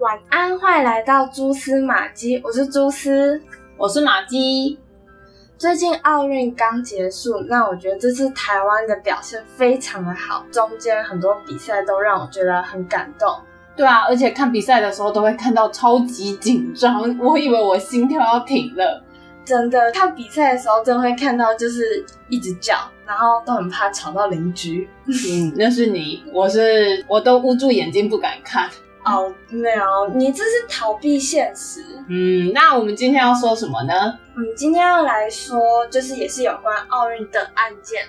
晚安，歡迎來到蛛絲馬跡。我是蛛絲，我是馬跡。最近奧運剛結束，那我覺得這次台灣的表現非常的好，中間很多比賽都讓我覺得很感動。對啊，而且看比賽的時候都會看到超級緊張，嗯嗯，我以為我心跳要停了。真的，看比賽的時候真的會看到就是一直叫，然後都很怕吵到鄰居。嗯， 那是你，我是，我都捂住眼睛不敢看。哦，沒有，你這是逃避現實。嗯，那我們今天要說什麼呢？我們今天要來說，就是也是有關奧運的案件，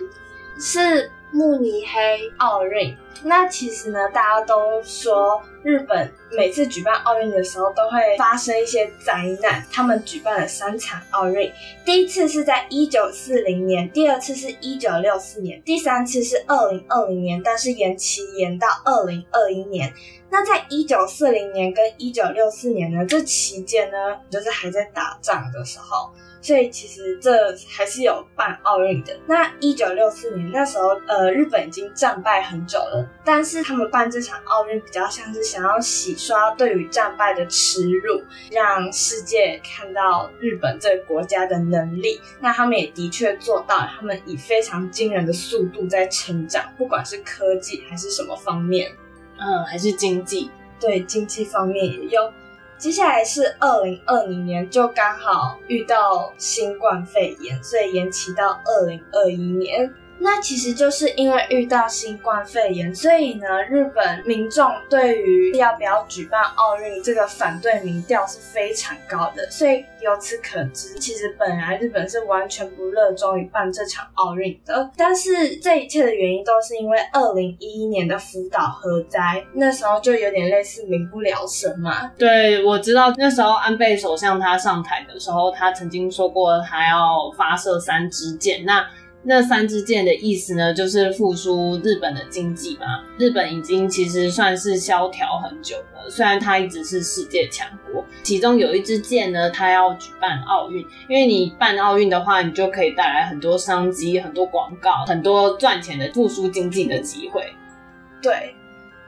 是。慕尼黑奧運，那其實呢，大家都說日本每次舉辦奧運的時候都會發生一些災難。他們舉辦了三場奧運，第一次是在一九四零年，第二次是一九六四年，第三次是二零二零年，但是延期延到二零二一年。那在一九四零年跟一九六四年呢，這期間呢，就是還在打仗的時候。所以其實這還是有辦奧運的。那一九六四年，那時候，呃，日本已經戰敗很久了，但是他們辦這場奧運比較像是想要洗刷對於戰敗的恥辱，讓世界看到日本這個國家的能力。那他們也的確做到，他們以非常驚人的速度在成長，不管是科技還是什麼方面，嗯，還是經濟，對經濟方面也有。接下來是二零二零年，就剛好遇到新冠肺炎，所以延期到二零二一年。那其實就是因為遇到新冠肺炎，所以呢，日本民眾對於要不要舉辦奧運這個反對民調是非常高的。所以由此可知，其實本來日本是完全不熱衷於辦這場奧運的。但是這一切的原因都是因為二零一一年的福島核災，那時候就有點類似民不聊生嘛。對，我知道那時候安倍首相他上台的時候，他曾經說過他要發射三支箭。那那三支箭的意思呢，就是復甦日本的經濟嘛。日本已經其實算是蕭條很久了，雖然它一直是世界強國。其中有一支箭呢，它要舉辦奧運，因為你辦奧運的話，你就可以帶來很多商機、很多廣告、很多賺錢的復甦經濟的機會。對，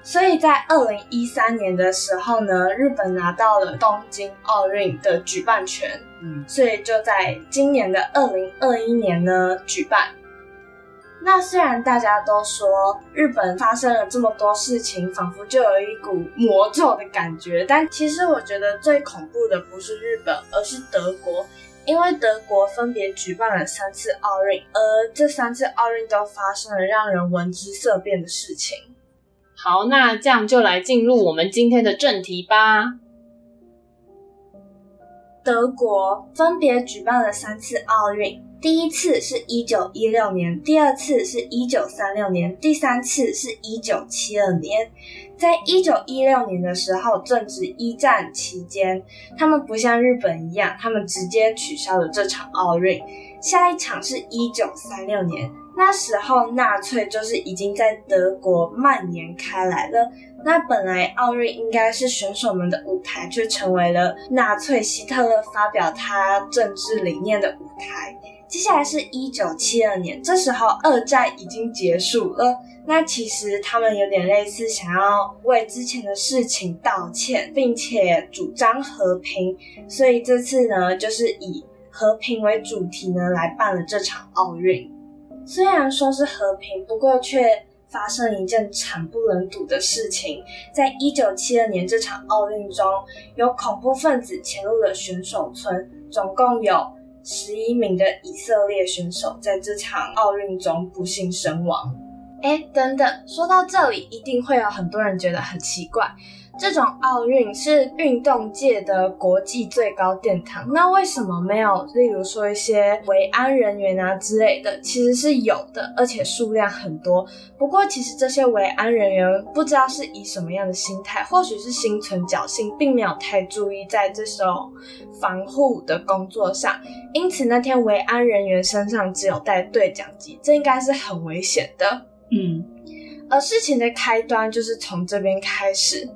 所以在二零一三年的時候呢，日本拿到了東京奧運的舉辦權。嗯，所以就在今年的二零二一年呢，舉辦。那雖然大家都說日本發生了這麼多事情，仿佛就有一股魔咒的感覺，但其實我覺得最恐怖的不是日本，而是德國，因為德國分別舉辦了三次奧運，而這三次奧運都發生了讓人聞之色變的事情。好，那這樣就來進入我們今天的正題吧。德國分別舉辦了三次奧運，第一次是一九一六年，第二次是一九三六年，第三次是一九七二年。在一九一六年的時候，正值一戰期間，他們不像日本一樣，他們直接取消了這場奧運。下一場是一九三六年。那時候納粹就是已經在德國蔓延開來了。那本來奧運應該是選手們的舞台，卻成為了納粹希特勒發表他政治理念的舞台。接下來是一九七二年，這時候二戰已經結束了。那其實他們有點類似想要為之前的事情道歉，並且主張和平，所以這次呢就是以和平為主題呢來辦了這場奧運。雖然說是和平，不過卻發生一件慘不忍睹的事情。在一九七二年這場奧運中，有恐怖分子潛入了選手村，總共有十一名的以色列選手在這場奧運中不幸身亡。欸，等等，說到這裡，一定會有很多人覺得很奇怪。這種奧運是運動界的國際最高殿堂，那為什麼沒有，例如說一些維安人員啊之類的。其實是有的，而且數量很多。不過其實這些維安人員不知道是以什麼樣的心態，或許是心存僥倖，並沒有太注意在這時候防護的工作上。因此那天維安人員身上只有帶對講機，這應該是很危險的。嗯，而事情的開端就是從這邊開始。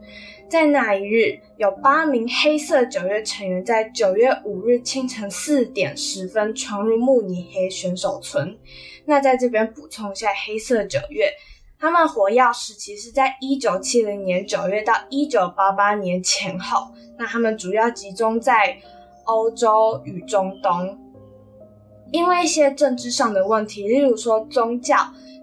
在那一日，有八名黑色九月成員在九月五日清晨四點十分闖入慕尼黑選手村。那在這邊補充一下，黑色九月，他們活躍時期是在一九七零年九月到一九八八年前後。那他們主要集中在歐洲與中東，因為一些政治上的問題，例如說宗教。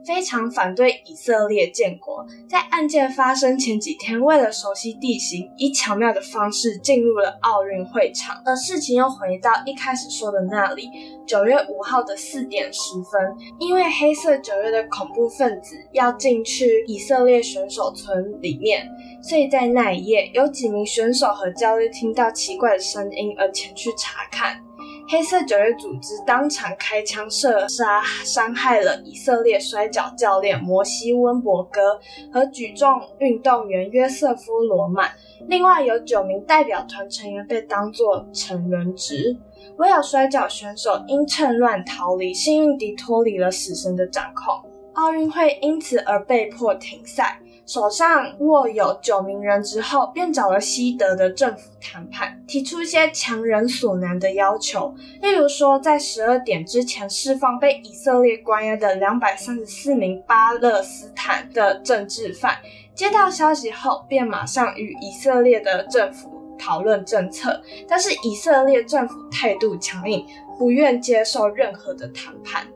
非常反對以色列建國。在案件發生前幾天，為了熟悉地形，以巧妙的方式進入了奧運會場。而事情又回到一開始說的那裡，九月五號的四點十分，因為黑色九月的恐怖分子要進去以色列選手村裡面，所以在那一夜，有幾名選手和教練聽到奇怪的聲音，而前去查看。黑色九月組織當場開槍射殺、傷害了以色列摔角教練摩西溫伯格和舉重運動員約瑟夫羅曼。另外有九名代表團成員被當作成人質，唯有摔角選手因趁亂逃離，幸運地脫離了死神的掌控。奧運會因此而被迫停賽。手上握有九名人質後，便找了西德的政府談判，提出一些強人所難的要求，例如說，在十二點之前釋放被以色列關押的兩百三十四名巴勒斯坦的政治犯。接到消息後，便馬上與以色列的政府討論政策，但是以色列政府態度強硬，不願接受任何的談判。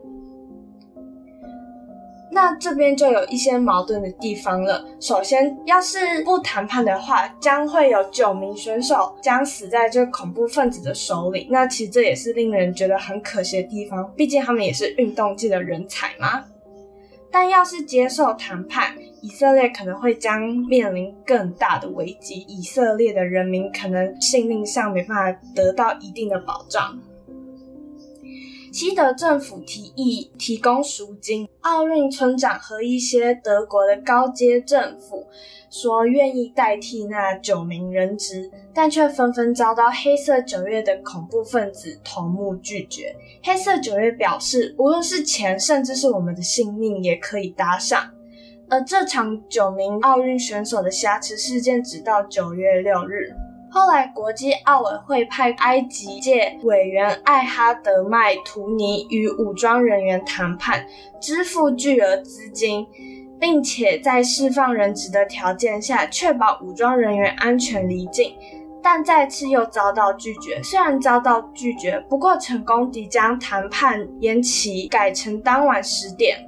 那這邊就有一些矛盾的地方了。首先，要是不談判的話，將會有九名選手將死在這恐怖分子的手裡。那其實這也是令人覺得很可惜的地方，畢竟他們也是運動界的人才嘛。但要是接受談判，以色列可能會將面臨更大的危機，以色列的人民可能性命上沒辦法得到一定的保障。西德政府提議提供贖金，奧運村長和一些德國的高階政府說願意代替那九名人質，但卻紛紛遭到“黑色九月”的恐怖分子頭目拒絕。“黑色九月”表示，無論是錢，甚至是我們的性命，也可以搭上。而這場九名奧運選手的挾持事件，直到九月六日。後來，國際奧委會派埃及籍委員艾哈德邁圖尼與武裝人員談判，支付巨額資金，並且在釋放人質的條件下確保武裝人員安全離境，但再次又遭到拒絕。雖然遭到拒絕，不過成功地將談判延期，改成當晚十點。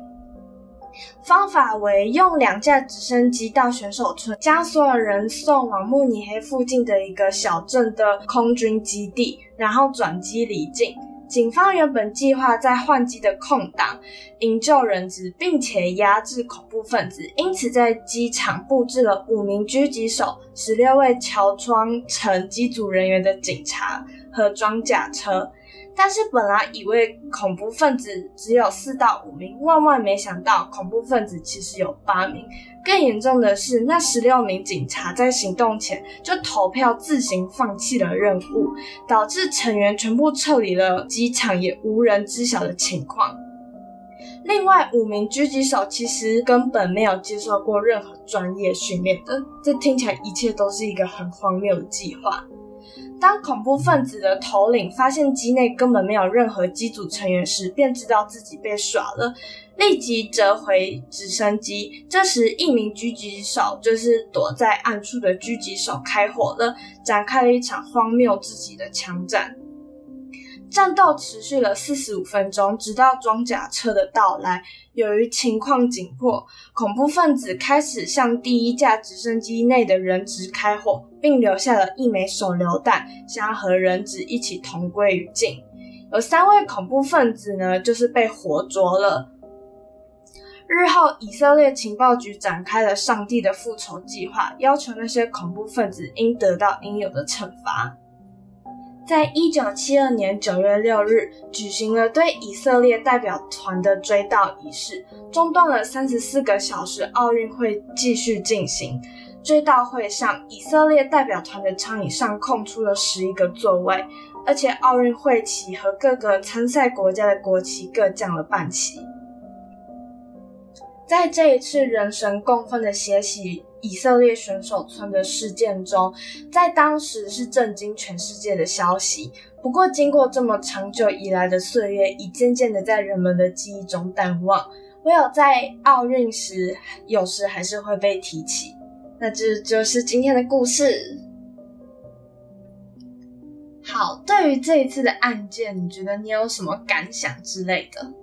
方法為用兩架直升機到選手村，將所有人送往慕尼黑附近的一個小鎮的空軍基地，然後轉機離境。警方原本計劃在換機的空檔營救人質，並且壓制恐怖分子，因此在機場佈置了五名狙擊手、十六位喬裝成機組人員的警察和裝甲車。但是本來以為恐怖分子只有四到五名，萬萬沒想到恐怖分子其實有八名。更嚴重的是，那十六名警察在行動前就投票自行放棄了任務，導致成員全部撤離了機場，也無人知曉的情況。另外，五名狙擊手其實根本沒有接受過任何專業訓練的，這聽起來一切都是一個很荒謬的計劃。當恐怖分子的頭領發現機內根本沒有任何機組成員時，便知道自己被耍了，立即折回直升機。這時，一名狙擊手就是躲在暗處的狙擊手開火了，展開了一場荒謬至極的槍戰。戰鬥持續了四十五分鐘，直到裝甲車的到來。由於情況緊迫，恐怖分子開始向第一架直升機內的人質開火，並留下了一枚手榴彈，想要和人質一起同歸於盡。有三位恐怖分子呢，就是被活捉了。日後，以色列情報局展開了“上帝的復仇”計劃，要求那些恐怖分子應得到應有的懲罰。在一九七二年九月六日，舉行了對以色列代表團的追悼儀式，中斷了三十四個小時。奧運會繼續進行。追悼會上，以色列代表團的長椅上空出了十一個座位，而且奧運會旗和各個參賽國家的國旗各降了半旗。在這一次人神共憤的血洗以色列選手村的事件中，在當時是震驚全世界的消息。不過，經過這麼長久以來的歲月，已漸漸的在人們的記憶中淡忘，唯有在奧運時，有時還是會被提起。那這就，就是今天的故事。好，對於這一次的案件，你覺得你有什麼感想之類的？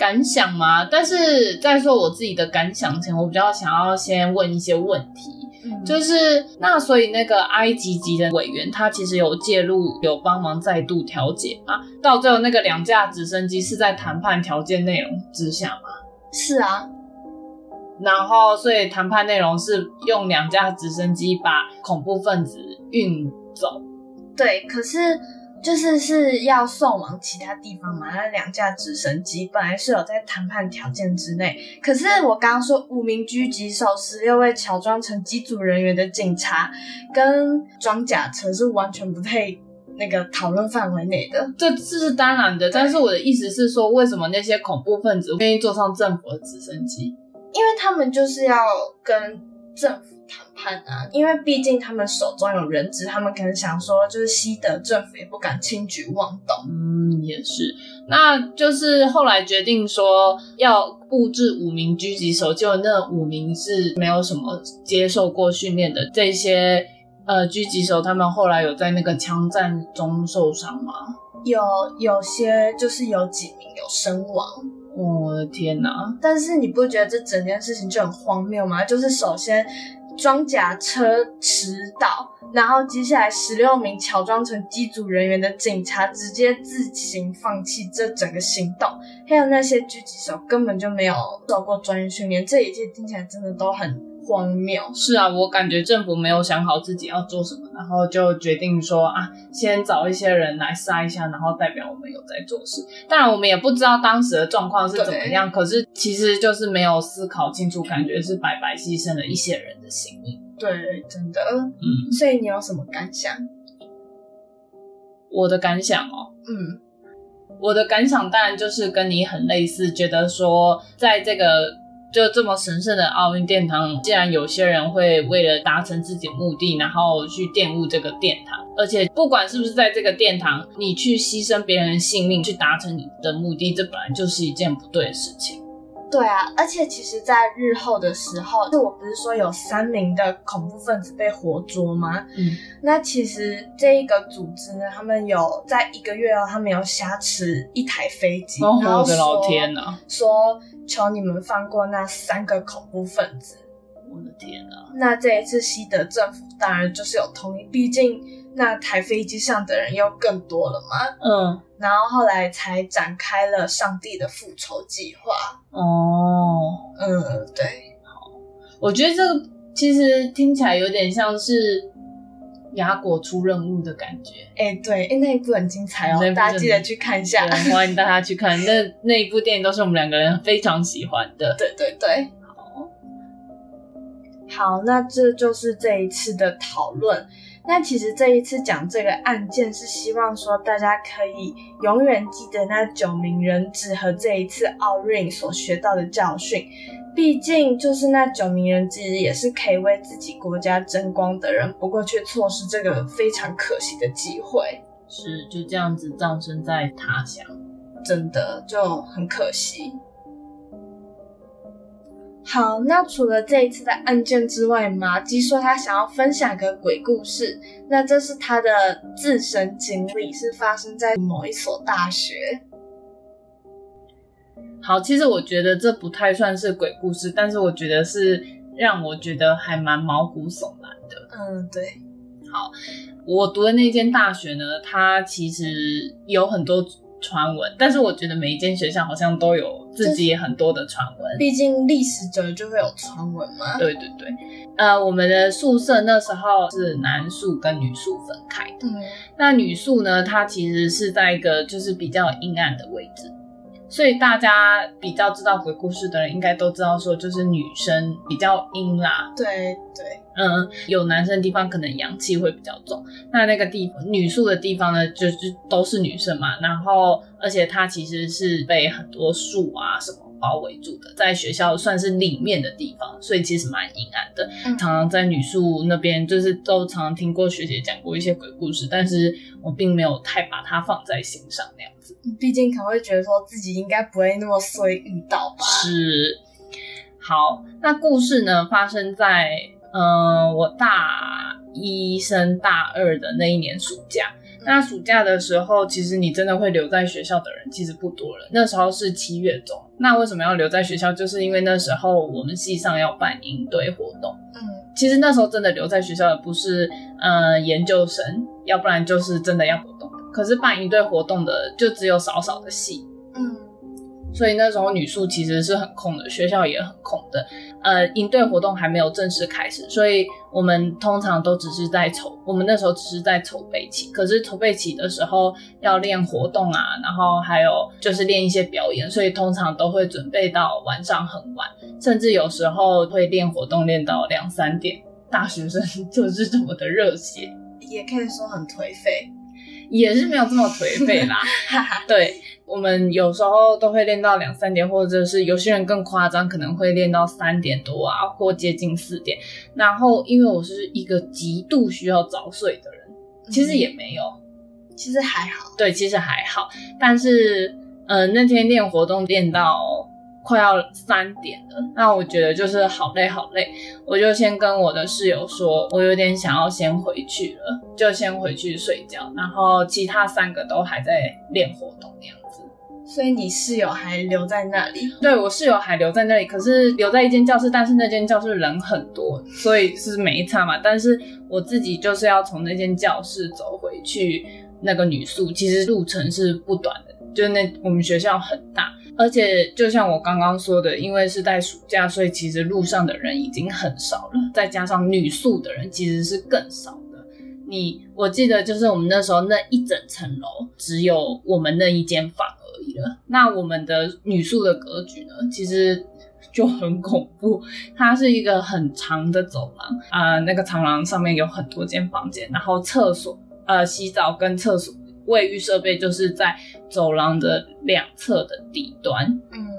感想嗎？但是在說我自己的感想前，我比較想要先問一些問題。嗯嗯，就是那，所以那個埃及籍的委員，他其實有介入，有幫忙再度調解嘛。到最後那個兩架直升機是在談判條件內容之下嗎？是啊。然後所以談判內容是用兩架直升機把恐怖分子運走。對，可是。就是是要送往其他地方嘛？那兩架直升機本來是有在談判條件之內，可是我剛剛說五名狙擊手，十六位喬裝成機組人員的警察跟裝甲車是完全不配那個討論範圍內的，這這是當然的。對但是我的意思是說，為什麼那些恐怖分子願意坐上政府的直升機？因為他們就是要跟政府。因為畢竟他們手中有人質，他們可能想說，就是西德政府也不敢輕舉妄動。嗯，也是。那就是後來決定說要布置五名狙擊手，就那五名是沒有什麼接受過訓練的這些呃狙擊手，他們後來有在那個槍戰中受傷嗎？有，有些就是有幾名有身亡。哦，我的天哪！但是你不覺得這整件事情就很荒謬嗎？就是首先，裝甲車遲到，然後接下來十六名喬裝成機組人員的警察直接自行放棄這整個行動，還有那些狙擊手根本就沒有受過專業訓練，這一切聽起來真的都很。荒謬，是啊，我感覺政府沒有想好自己要做什麼，然後就決定說啊，先找一些人來殺一下，然後代表我們有在做事。當然，我們也不知道當時的狀況是怎麼樣，對可是其實就是沒有思考清楚，感覺是白白犧牲了一些人的心意性命。對，真的。嗯。所以你有什麼感想？我的感想哦，嗯，我的感想當然就是跟你很類似，覺得說在這個。就這麼神聖的奧運殿堂，竟然有些人會為了達成自己的目的，然後去玷污這個殿堂。而且，不管是不是在這個殿堂，你去犧牲別人的性命去達成你的目的，這本來就是一件不對的事情。對啊，而且其實，在日後的時候，就我不是說有三名的恐怖分子被活捉嗎？嗯，那其實這一個組織呢，他們有在一個月後，他們要挾持一台飛機，我的老天啊！說。說求你們放過那三個恐怖分子！我的天啊！那這一次西德政府當然就是有同意，畢竟那台飛機上的人又更多了嘛。嗯，然後後來才展開了上帝的復仇計劃。哦，嗯，對，好，我覺得這個其實聽起來有點像是。牙果出任務的感覺，哎、欸，對、欸，那一部很精彩哦，大家記得去看一下。我歡迎大家去看，那那一部電影都是我們兩個人非常喜歡的。 對對對，好，好，那這就是這一次的討論。那其實這一次講這個案件，是希望說大家可以永遠記得那九名人質和這一次奧運所學到的教訓。畢竟就是那九名人質也是可以為自己國家爭光的人，不過卻錯失這個非常可惜的機會，是就這樣子葬身在他鄉，真的就很可惜。好，那除了這一次的案件之外，馬跡說他想要分享一個鬼故事，那這是他的自身經歷，是發生在某一所大學。好，其實我覺得這不太算是鬼故事，但是我覺得是讓我覺得還蠻毛骨悚然的。嗯，對。好，我讀的那間大學呢，它其實有很多傳聞，但是我覺得每一間學校好像都有自己很多的傳聞，畢竟歷史久了就會有傳聞嘛。對對對。呃，我們的宿舍那時候是男宿跟女宿分開的。嗯，那女宿呢，它其實是在一個就是比較陰暗的位置。所以大家比較知道鬼故事的人，應該都知道說，就是女生比較陰啦。對對，對，嗯，有男生的地方可能陽氣會比較重，那那個地女宿的地方呢，就是都是女生嘛，然後而且她其實是被很多樹啊什麼包圍住的，在學校算是裡面的地方，所以其實蠻陰暗的。常常在女宿那邊，就是都常常聽過學姐講過一些鬼故事，但是我並沒有太把它放在心上那樣。畢竟可能會覺得說自己應該不會那麼衰，遇到吧。是，好，那故事呢發生在，嗯、呃、我大一升大二的那一年暑假。嗯、那暑假的時候，其實你真的會留在學校的人其實不多了。那時候是七月中，那為什麼要留在學校？就是因為那時候我們系上要辦營隊活動。嗯，其實那時候真的留在學校的不是，呃，研究生，要不然就是真的要活動。可是辦營隊活動的就只有少少的戲，嗯，所以那時候女宿其實是很空的，學校也很空的。呃，營隊活動還沒有正式開始，所以我們通常都只是在籌，我們那時候只是在籌備期。可是籌備期的時候要練活動啊，然後還有就是練一些表演，所以通常都會準備到晚上很晚，甚至有時候會練活動練到兩三點。大學生就是這麼的熱血，也可以說很頹廢。也是沒有這麼頹廢啦， 對，我們有時候都會練到兩三點，或者是有些人更誇張，可能會練到三點多啊，或接近四點。然後，因為我是一個極度需要早睡的人，其實也沒有，嗯、其實還好，對，其實還好。但是，嗯、呃，那天練活動練到，快要三點了，那我覺得就是好累好累，我就先跟我的室友說，我有點想要先回去了，就先回去睡覺。然後其他三個都還在練活動那樣子。所以你室友還留在那裡？對，我室友還留在那裡，可是留在一間教室，但是那間教室人很多，所以是沒差嘛。但是我自己就是要從那間教室走回去那個女宿，其實路程是不短的，就是那我們學校很大。而且，就像我剛剛說的，因為是在暑假，所以其實路上的人已經很少了。再加上女宿的人其實是更少的。你，我記得就是我們那時候那一整層樓只有我們那一間房而已了。那我們的女宿的格局呢，其實就很恐怖。它是一個很長的走廊，啊、呃，那個長廊上面有很多間房間，然後廁所、呃，洗澡跟廁所。衛浴設備就是在走廊的兩側的底端。嗯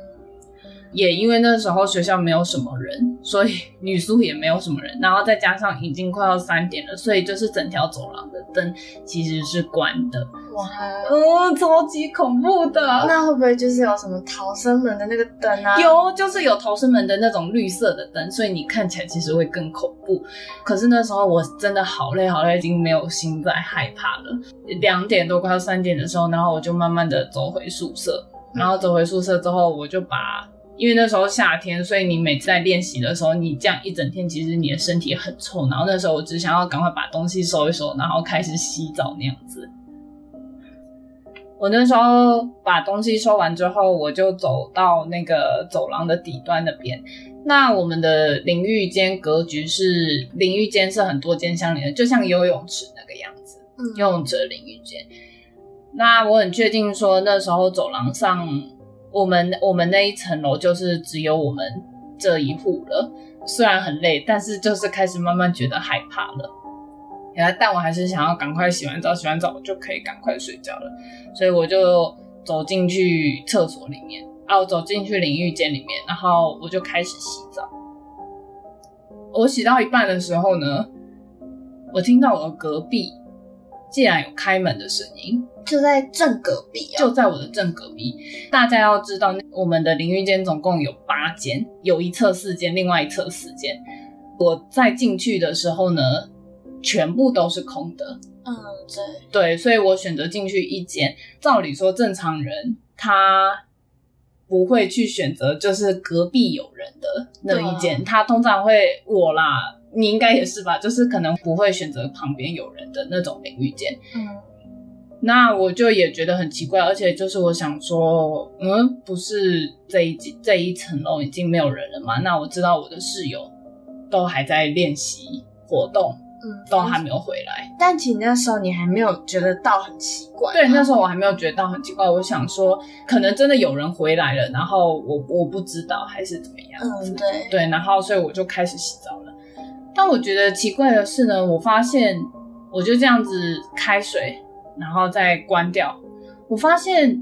也因為那時候學校沒有什麼人，所以女宿也沒有什麼人，然後再加上已經快要三點了，所以就是整條走廊的燈其實是關的。哇，嗯，超級恐怖的。那會不會就是有什麼逃生門的那個燈啊？有，就是有逃生門的那種綠色的燈，所以你看起來其實會更恐怖。可是那時候我真的好累好累，已經沒有心在害怕了。兩點多快要三點的時候，然後我就慢慢的走回宿舍，然後走回宿舍之後，我就把、嗯。因為那時候夏天，所以你每次在練習的時候，你這樣一整天，其實你的身體很臭。然後那時候我只想要趕快把東西收一收，然後開始洗澡那樣子。我那時候把東西收完之後，我就走到那個走廊的底端那邊。那我們的淋浴間格局是，淋浴間是很多間相連的，就像游泳池那個樣子，嗯，游泳池淋浴間。那我很確定說那時候走廊上，我們我們那一層樓就是只有我們這一戶了，雖然很累，但是就是開始慢慢覺得害怕了。原來但我還是想要趕快洗完澡，洗完澡我就可以趕快睡覺了，所以我就走進去廁所裡面啊，我走進去淋浴間裡面，然後我就開始洗澡。我洗到一半的時候呢，我聽到我隔壁，既然有開門的聲音，就在正隔壁啊，就在我的正隔壁。大家要知道，我們的淋浴間總共有八間，有一側四間，另外一側四間。我在進去的時候呢，全部都是空的。嗯，對對，所以我選擇進去一間。照理說，正常人他不會去選擇就是隔壁有人的那一間，啊，他通常會我啦。你應該也是吧，就是可能不會選擇旁邊有人的那種淋浴間。嗯，那我就也覺得很奇怪，而且就是我想說，嗯，不是這一層，這一層樓已經沒有人了嗎？那我知道我的室友都還在練習活動，嗯，都還沒有回來。但其實那時候你還沒有覺得到很奇怪啊？對，那時候我還沒有覺得到很奇怪。我想說，可能真的有人回來了，然後我我不知道還是怎麼樣。嗯，對對，然後所以我就開始洗澡了。但我覺得奇怪的是呢，我發現我就這樣子開水，然後再關掉。我發現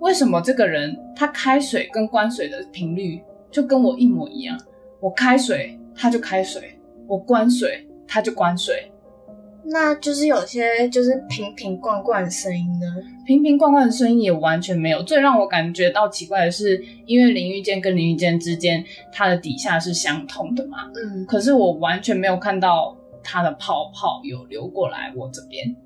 為什麼這個人他開水跟關水的頻率就跟我一模一樣，我開水他就開水，我關水他就關水。那就是有些就是瓶瓶罐罐的聲音呢，瓶瓶罐罐的聲音也完全沒有。最讓我感覺到奇怪的是，因為淋浴間跟淋浴間之間，它的底下是相通的嘛，嗯，可是我完全沒有看到它的泡泡有流過來我這邊，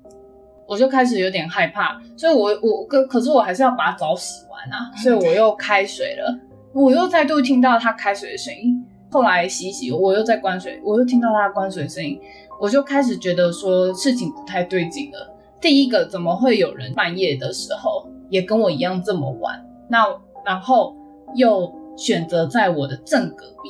我就開始有點害怕，所以我，我我可可是我還是要把澡洗完啊，嗯，所以我又開水了，我又再度聽到它開水的聲音，後來洗洗，我又在關水，我又聽到它關水的聲音。我就開始覺得說事情不太對勁了。第一個，怎麼會有人半夜的時候也跟我一樣這麼晚？那然後又選擇在我的正隔壁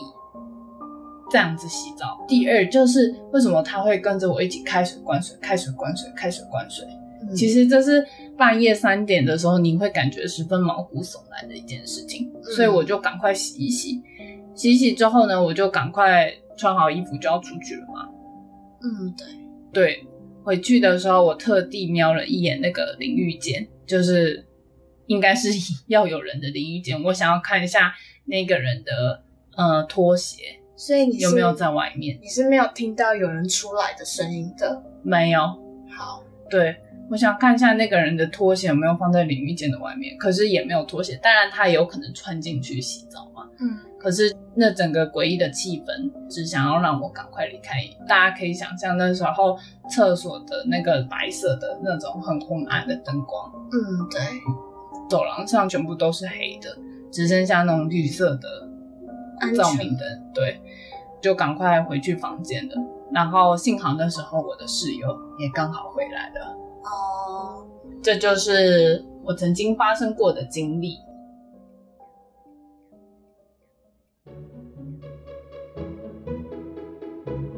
這樣子洗澡。第二，就是為什麼他會跟着我一起開水灌水、開水灌水、開水灌水？嗯、其實這是半夜三點的時候，你會感覺十分毛骨悚然的一件事情。嗯、所以我就趕快洗一洗，洗一洗之後呢，我就趕快穿好衣服就要出去了嘛。嗯，對對，回去的時候我特地瞄了一眼那個淋浴間，就是應該是要有人的淋浴間，我想要看一下那個人的呃拖鞋。所以你有沒有在外面？你是沒有聽到有人出來的聲音的？沒有。好，對。我想看一下那個人的拖鞋有沒有放在淋浴間的外面，可是也沒有拖鞋。當然，他也有可能穿進去洗澡嘛。嗯。可是那整個詭異的氣氛只想要讓我趕快離開。大家可以想象那時候廁所的那個白色的那種很昏暗的燈光。嗯，對。走廊上全部都是黑的，只剩下那種綠色的安全照明燈。對，就趕快回去房間了。然後幸好那時候，我的室友也剛好回來了。哦，這就是我曾經發生過的經歷。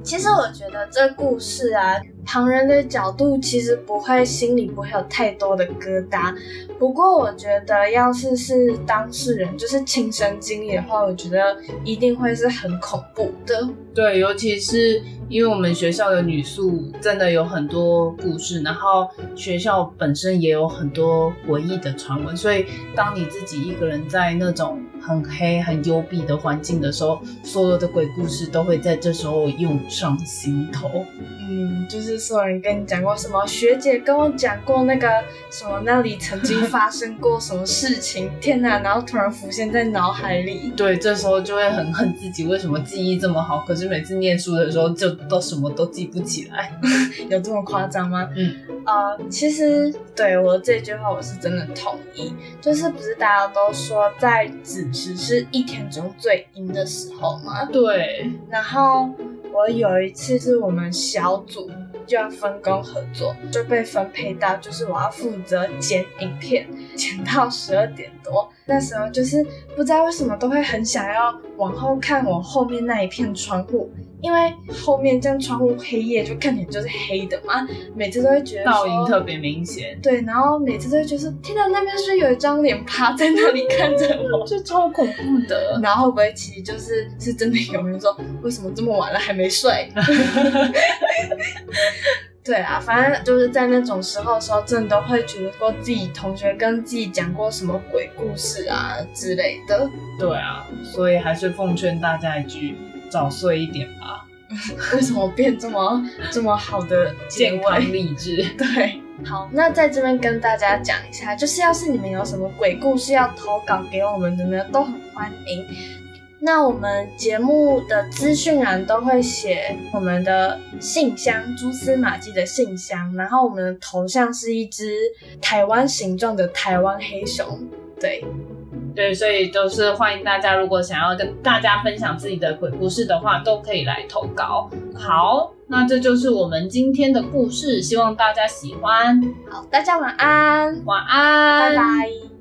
其實我覺得這故事啊。旁人的角度其實不會，心裡不會有太多的疙瘩。不過我覺得，要是是當事人，就是親身經歷的話，我覺得一定會是很恐怖的。對，尤其是因為我們學校的女宿真的有很多故事，然後學校本身也有很多詭異的傳聞，所以當你自己一個人在那種很黑、很幽閉的環境的時候，所有的鬼故事都會在這時候湧上心頭。嗯，就是。所有人跟你講過什麼？學姐跟我講過那個什麼，那裡曾經發生過什麼事情？ 天哪！然後突然浮現在腦海裡。對，這時候就會很恨自己，為什麼記憶這麼好？可是每次念書的時候就，就都什麼都記不起來。 有這麼誇張嗎？嗯。呃，其實對我這句話，我是真的同意。就是不是大家都說在子時是一天中最陰的時候嗎？對。然後我有一次是我們小組。就要分工合作，就被分配到，就是我要負責剪影片，剪到十二點多，那時候就是不知道為什麼都會很想要往後看我後面那一片窗戶。因為後面這樣窗戶黑夜，就看起來就是黑的嘛，每次都會覺得倒影特別明顯。對，然後每次都會覺得，聽到那邊是有一張臉趴在那裡看着我，嗯嗯、就超恐怖的。然後，其實就是是真的有人說，為什麼這麼晚了還沒睡？ 對啊，反正就是在那種時候的時候，真的都會覺得說，自己同學跟自己講過什麼鬼故事啊之類的。對啊，所以還是奉勸大家一句。早睡一點吧。 為什麼變這麼這麼好的健康勵志？對，好，那在這邊跟大家講一下，就是要是你們有什麼鬼故事要投稿給我們的呢，都很歡迎。那我們節目的資訊欄都會寫我們的信箱，蛛絲馬跡的信箱。然後我們的頭像是一隻台灣形狀的台灣黑熊，對。對，所以就是歡迎大家，如果想要跟大家分享自己的鬼故事的話，都可以來投稿。好，那這就是我們今天的故事，希望大家喜歡。好，大家晚安，晚安，拜拜。